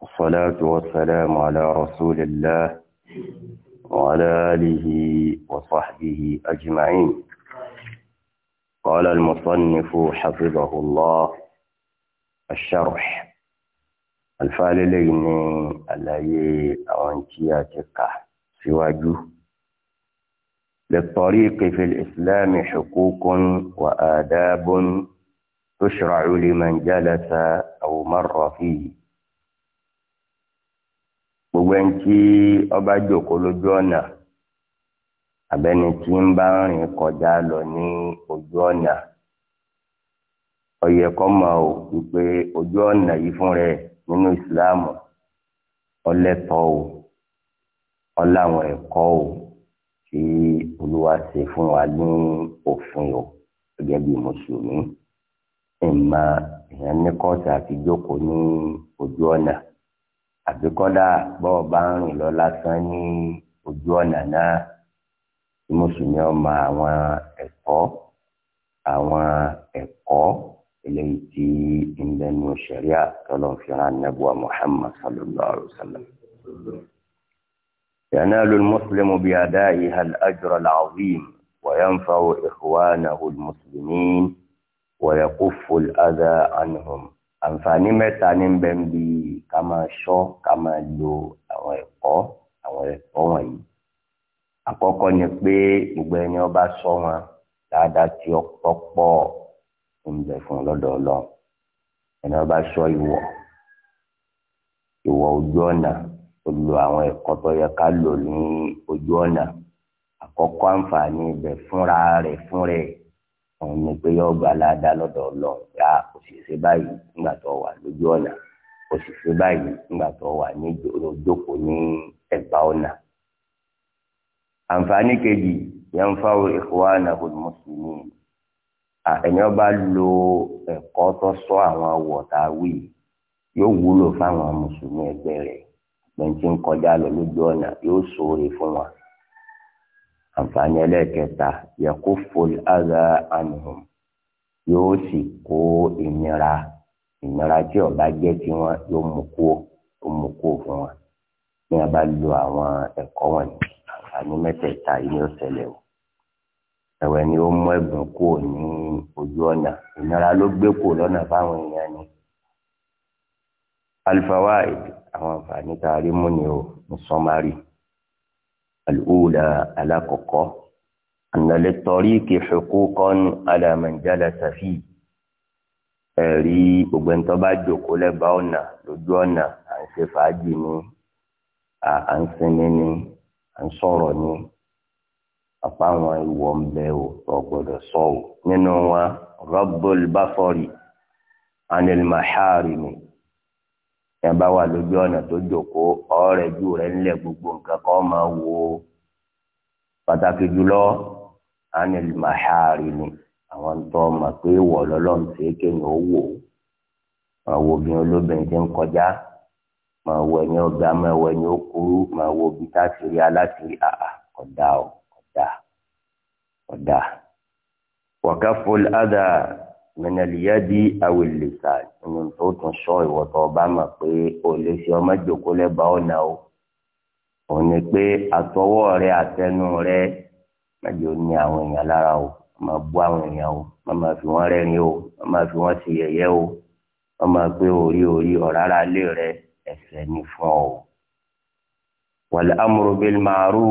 والصلاة والسلام على رسول الله وعلى آله وصحبه أجمعين قال المصنف حفظه الله الشرح الفاللين اللي أوانتياتك سواجه للطريق في الإسلام حقوق وآداب تشرع لمن جلس أو مر فيه gbogbo ẹni tí ọba jòkó lójú ọ̀nà abẹ́ni tí ń bá rìn kọjá lọ ní ojú ọ̀nà ọyẹ kọ́ mọ̀ ò wípé ojú ọ̀nà yìí fún rẹ̀ nínú ìsìláàmù ọlẹ́tọ̀ o ọláwọn ẹ̀kọ́ o tí olúwa ṣe fún wa ní òfin o gẹ́gẹ́ bí mùsùlùmí ìmọ̀ èèyàn ní kọ́ọ̀tù àti jókòó ní ojú ọ̀nà àbí kọ́dà bọ́ọ̀ bá ń rìn lọ lásán ní ojú ọ̀nà náà tí mùsùlùmí ọmọ àwọn ẹ̀kọ́ àwọn ẹ̀kọ́ eléyìí tí ìlẹ́nu ṣẹ̀ríà tọ́lọ́ fi rán nẹ́bùà Muhammad sallallahu alayhi wa sallam. ينال المسلم بأدائها الأجر العظيم وينفع إخوانه المسلمين ويقف الأذى عنهم àǹfààní mẹ́ta ní bẹ́ẹ̀ ń bi ká máa ṣọ́ ká máa lo àwọn ẹ̀kọ́ àwọn ẹ̀kọ́ wọ̀nyí. àkọ́kọ́ ni pé gbogbo ẹni ọba sọ wọn dáadáa tí ó pọ́pọ́ ń bẹ fún lọ́dọ̀ ọlọ́run ẹni ọba sọ ìwọ̀ ìwọ̀ ojú ọ̀nà ó lo àwọn ẹ̀kọ́ tó yẹ ká lò ní ojú ọ̀nà àkọ́kọ́ àǹfààní ibẹ̀ fúnra rẹ̀ fún rẹ̀ òun ni pé yọ gba aláàdá lọ́dọ̀ Ọlọ́run pé a ah, kò sì ṣe báyìí nígbà tó wà lójú ọ̀nà kò sì ṣe báyìí nígbà tó wà ní ìjókòó ní ẹ̀bá ọ̀nà. àǹfààní kejì yanfa'u ikhwanahu al-muslimin ẹni ọba lo ẹ̀kọ́ tó sọ àwọn wọ̀tá wí yóò wúlò fáwọn mùsùlùmí ẹgbẹ́ rẹ̀ gbẹ̀ntì ń kọjá lọ lójú ọ̀nà yóò ṣoore fún wọn àǹfààní ẹlẹ́ẹ̀kẹta yẹ̀kú fol ara ànihàn yóò sì kó ìnira ìnira tí ọba jẹ́ tí wọ́n yóò mú kú ó mú kú fún wọn ní a bá lo àwọn ẹ̀kọ́ wọ̀nyí àǹfààní mẹ́tẹ̀ẹ̀ta yìí ni ó ṣẹlẹ̀ o ẹ̀wẹ̀ ni ó mú ẹ̀bùn kú ní ojú ọ̀nà ìnira ló gbé kú lọ́nà fáwọn èèyàn ni alifawaid àwọn àǹfààní tá a rí mú ni o ní sọmárì. الأولى على كوكو أن للطريق حقوقا على من جلس فيه ẹ̀rí gbogbo ẹni tó bá jòkó lẹ́ba ọ̀nà lójú ọ̀nà à ń ṣe fàájì ni à ń sinmi ni à ń sọ̀rọ̀ ni ọ̀pá àwọn ìwọ ń bẹ ò tó sọ ò nínú wọn Rabbul Basari anil maharimi ẹ bá wà lójú ọ̀nà tó jókòó ọ̀rẹ́ ju rẹ̀ ńlẹ̀ gbogbo nǹkan kọ́ máa wo pàtàkì jùlọ anil mahari ni àwọn tó mọ̀ pé wọ̀ lọ́lọ́run ṣe é kéèyàn ó wò ó máa wo obìnrin olóbìnrin tí ń kọjá máa wo ẹni ọgbà máa wo ẹni okuru máa wo ibi táṣìírí aláṣìírí àà kódà o kódà kódà wàkàfọ́ládà mẹnẹlìyàdì awìlẹsà nínú tó tún sọ ìwọtọ ọba mà pé o lè ṣe ọmọ jòkó lẹba ọ̀nà o òun ni pé àtọwọ́ rẹ àtẹnu rẹ mẹjọ ní àwọn èèyàn lára o má bú àwọn èèyàn o má má fi wọn rẹ́rìn o má má fi wọn ṣe yẹ̀yẹ́ o má pé orí orí ọ̀rára lé rẹ ẹ̀ṣẹ̀ ni fún ọ. wàlẹ̀ amúrò bíi màrú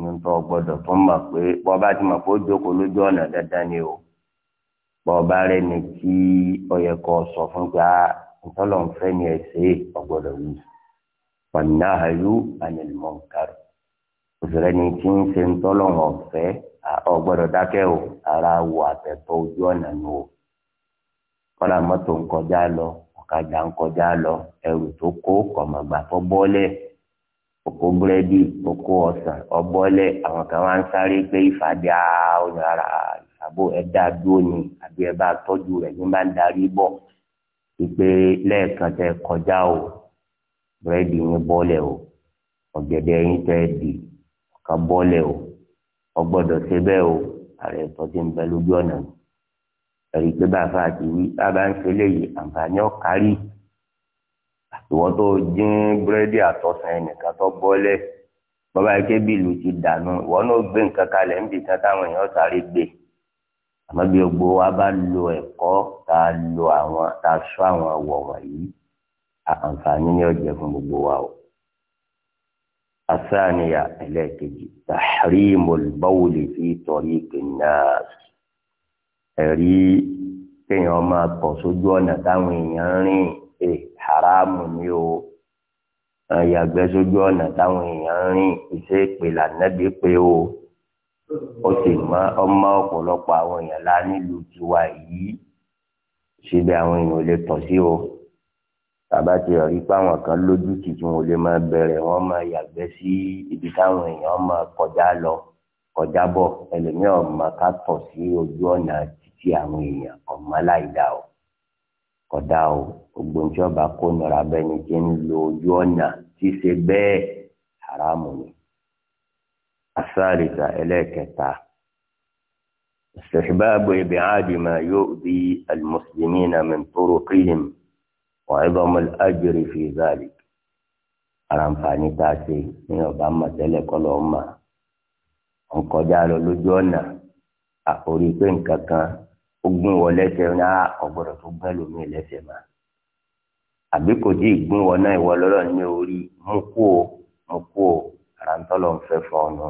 nínú tó gbọdọ̀ tó mọ̀ pé bọ́ bá ti mọ̀ pé ó jókòó lójú ọ̀nà dandan ni o bọ́ọ̀bá rẹ̀ ní kí ọyẹ kọ sọ fún gbà ah, ntọ́lọ̀ ni ẹ̀ ṣe ọ̀gbọ́dọ̀ wù wànàhàyú ànilmọ̀nkárì òṣèré ni kí n ṣe ntọ́lọ̀ ọ̀fẹ́ ọ̀gbọ́dọ̀ dákẹ́ o ara wò àtẹ̀tọ́ ojú ọ̀nà nù o kọ́lá mọ́tò ń kọjá lọ ọ̀kadà ń kọjá lọ ẹrù tó kó kọ̀mọ̀gbà tó bọ́lẹ̀ oko búrẹ́dì oko ọ̀sán ọbọ̀lẹ̀ àwọn kan wá ń sáré pé ìfàdí àwọn ah, àbò ẹ̀dá dúró ni àbí ẹ bá tọ́jú rẹ̀ ní bá ń darí bọ̀ ìpè lẹ́ẹ̀kan tẹ kọjá o búrẹ́dì yín bọ́lẹ̀ o ọ̀gẹ̀dẹ̀ yín tẹ dì ọ̀kan bọ́lẹ̀ o ọgbọ́dọ̀ ṣe bẹ́ẹ̀ o ààrẹ tó ti ń bẹ lójú ọ̀nà ni ẹ̀rí pé bàbá àti wí bàbá ń ṣe léyìí àǹfààní ọ̀kárí ìwọ tó dín búrẹ́dì àtọ̀sán ẹnìkan tó bọ́lẹ̀ bàbá ike bílù ti dànù ìwọ náà gbé nǹkan kalẹ̀ níbi kan táwọn èèyàn sáré gbé àmọ́ bí gbogbo wa bá lo ẹ̀kọ́ tá a lo àwọn tá a sọ àwọn ọ̀wọ̀ wọ̀nyí àǹfààní ni ó jẹ́ fún gbogbo wa o. الثانية التي تحريم البول في طريق الناس ẹ̀rí kéèyàn máa tọ̀ sójú ọ̀nà táwọn èèyàn rìn ẹ̀ eh, haramu ni o ẹ̀yàgbẹ́ sójú ọ̀nà táwọn èèyàn rìn iṣẹ́ ìpè lànàbí pé o ó sì mọ ọmọ ọ̀pọ̀lọpọ̀ àwọn èèyàn la nílùú tiwa yìí síbi àwọn èèyàn ò lè tọ̀ sí o bàbá ti rí pé àwọn kan lójú tì tí wọn ò lè máa bẹ̀rẹ̀ wọn máa yàgbẹ́ sí ibi táwọn èèyàn máa kọjá lọ kọjá bọ̀ ẹlòmíràn máa ká tọ̀ sí ojú ọ̀nà títí àwọn èèyàn ọ̀mọ́ láìda o kódà o gbogbo ìjọba kó nira bẹni tí ń lo ojú ọ̀nà tí ṣe bẹ́ẹ̀ haramu ni. الثالثة إليكتا استحباب إبعاد ما يؤذي المسلمين من طرقهم وعظم الأجر في ذلك àràǹfààní tá a ṣe ní ọba mọ̀tẹ́lẹ̀ kọ́ lọ́ọ́ mà ń kọjá lọ lójú ọ̀nà àkórí pé nǹkan kan ó gún wọ ní ọ̀gbọ́dọ̀ tó gbẹ́ lómi lẹ́sẹ̀ mà àbí kò tí ì gún wọ náà ìwọ lọ́rọ̀ ní orí mú kú o mú kú o ara ń tọ́lọ̀ ń fẹ́ fún ọ̀nà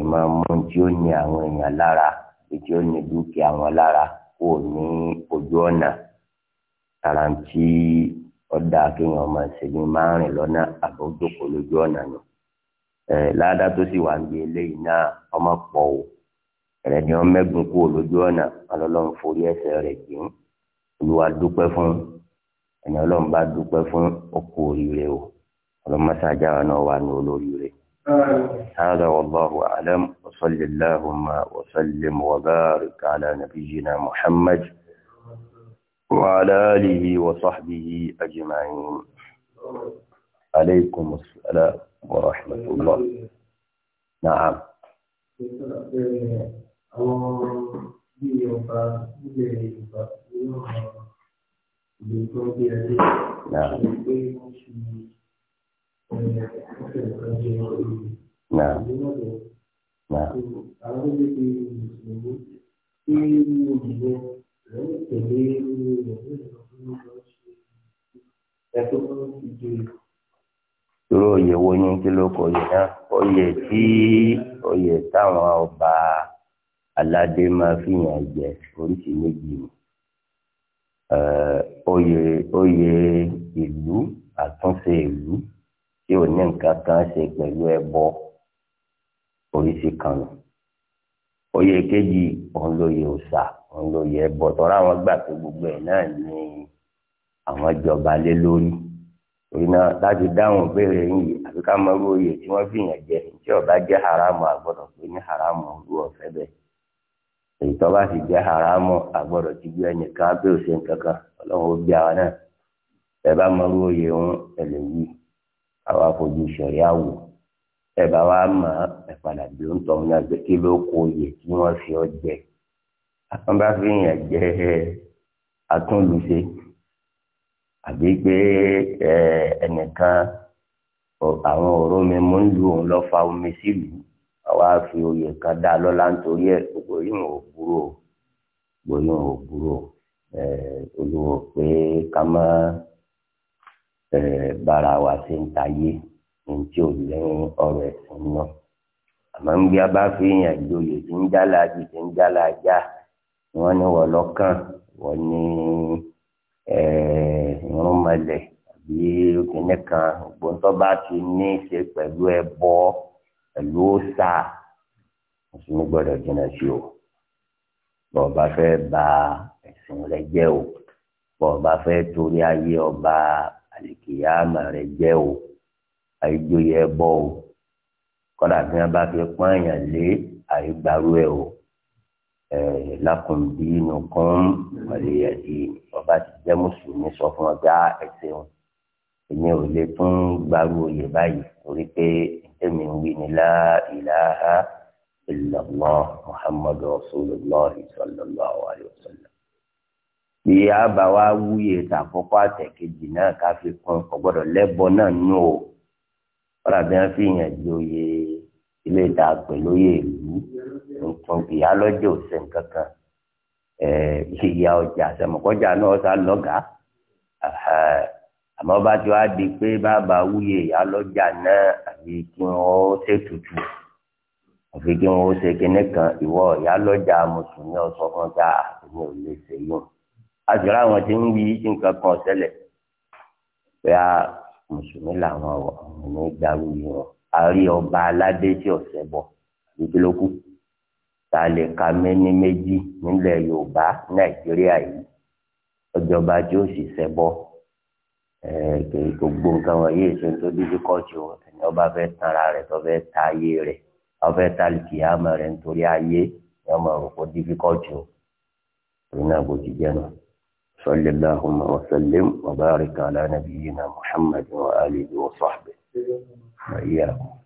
ìmọ̀ọ́mú tí ó ní àwọn èèyàn lára tí ó ní dúkìá wọn lára kò ní ojú ọ̀nà ara ọ̀dà kéèyàn máa ṣe ní márùn lọ́nà àbójókòó lójú ọ̀nà nù ládàá tó sì wà ń gbé eléyìí náà ọmọ pọ̀ o ẹ̀rẹ̀ ni wọ́n mẹ́gun kúrò lójú ọ̀nà ọlọ́run forí ẹsẹ̀ rẹ̀ jìn olúwa dúpẹ́ fún ẹni ọlọ́run bá dúpẹ́ fún ó kú o. ولما تعجعنا وعن wà ní هذا والله أعلم وصل اللهم وسلم وبارك على نبينا محمد وعلى آله وصحبه أجمعين عليكم السلام ورحمة الله نعم نعم Náà. Náà. Irú òye wo ní kí ló kọ yìí náà? Oyè tí oyè táwọn ọba aládé máa fi yàn jẹ oríṣi méjì ni. Oyè oyè ìlú àtúnṣe ìlú. tí ò ní nǹkan kan ṣe pẹ̀lú ẹbọ oríṣi kan nù oyè kejì òun lóye òòṣà òun lóye ẹbọ tọ́ra àwọn gbà pé gbogbo ẹ̀ náà ní àwọn jọba lé lórí náà láti dáhùn béèrè yìí àfi ká mọ irú oyè tí wọ́n jẹ tí ọba jẹ́ haramu àgbọ̀dọ̀ pé ní haramu ọ̀fẹ́ èyí tó haramu àgbọ̀dọ̀ ti gbé ẹnìkan òṣèǹkankan ọlọ́run ó gbé náà ẹ àwọn àfojúsùn yà wò ẹ bá wa mọ ẹ padà bí ó ń tọ́ ní agbẹ́ kí ló kó oyè tí wọ́n fi ọ jẹ àwọn bá fi yàn jẹ atúnlùṣe àbí pé ẹnìkan àwọn ọ̀rọ̀ mi mú ń lu òun lọ fa omi sílùú àwa fi oyè kan dá lọ́la nítorí ẹ̀ gbogbo ò burú o ò burú olùwọ̀ pé ká máa bára wa ṣe ń tayé ní tí ò lẹ́yìn ọ̀rọ̀ ẹ̀sìn náà àmọ́ ń bí a bá fi yàn ìjòyè tí ń jálá ju tí ń jálá já wọ́n ní wọ́n lọ́kàn wọ́n ní ìrúnmọlẹ̀ àbí kìnnì kan gbọ́ntọ́ bá ti ní í ṣe pẹ̀lú ẹbọ pẹ̀lú ọ̀sà mùsùlùmí gbọ́dọ̀ jìnnà sí o bọ́ọ̀bá fẹ́ ba ẹ̀sìn rẹ jẹ́ o bọ́ọ̀bá fẹ́ torí ayé ọba àlìkìyàmà rẹ jẹ́ o àìjòyè ẹbọ o kọ́dà bí wọ́n bá fi pọ́nyàn lé àìgbàrú ẹ o lakum dinukum waliya din ọba ti jẹ́ mùsùlùmí sọ fún ọjà ẹsẹ̀ wọn èmi ò lè tún gbàrú oyè báyìí torí pé èmi ń wí ni la ilaha illallah muhammadu rasulullah sallallahu alaihi wasallam bí a bá wá wúyè tàkọ́kọ́ àtẹ̀kejì náà ká fi kún ọ̀gbọ́dọ̀ lẹ́bọ náà nù o wọ́n àbí wọn fi yàn di oyè ilé ìta pẹ̀lú oyè ìlú nǹkan ìyá lọ́jọ́ òsè nǹkan kan ìyá ọjà sẹ̀mọ̀kọ́jà náà sá lọ́gàá àmọ́ bá ti wá di pé bàbá wúyè ìyá lọ́jà náà àbí kí wọ́n ṣètùtù àfi kí wọ́n ṣe kinní kan ìwọ ìyá lọ́jà mùsùlùmí ọ̀sán kan tá àtúnyẹ̀ ò lè ṣe yóò àjọyọ̀ àwọn tí ń wí nǹkan kan ọ̀sẹ̀lẹ̀ pé a mùsùlùmí làwọn ọ̀hún ní gbàrú yìí wọn a rí ọba aládé tí ọ̀sẹ̀ bọ̀ níbi ló kù ta lè ka mẹ́ni méjì nílẹ̀ Yorùbá Nàìjíríà yìí ọjọba tí ó sì ṣẹbọ kìí gbogbo nǹkan wọ̀nyí èso tó dídí kọ́ọ̀tù ẹni ọba fẹ́ tanra rẹ̀ tó fẹ́ ta ayé rẹ̀ tó fẹ́ ta kìámọ̀ rẹ̀ nítorí ayé ni ọmọ òrùkọ dídí kọ́ọ̀tù òun náà ti jẹ́ náà. صل اللهم وسلم وبارك على نبينا محمد وآله وصحبه وإياكم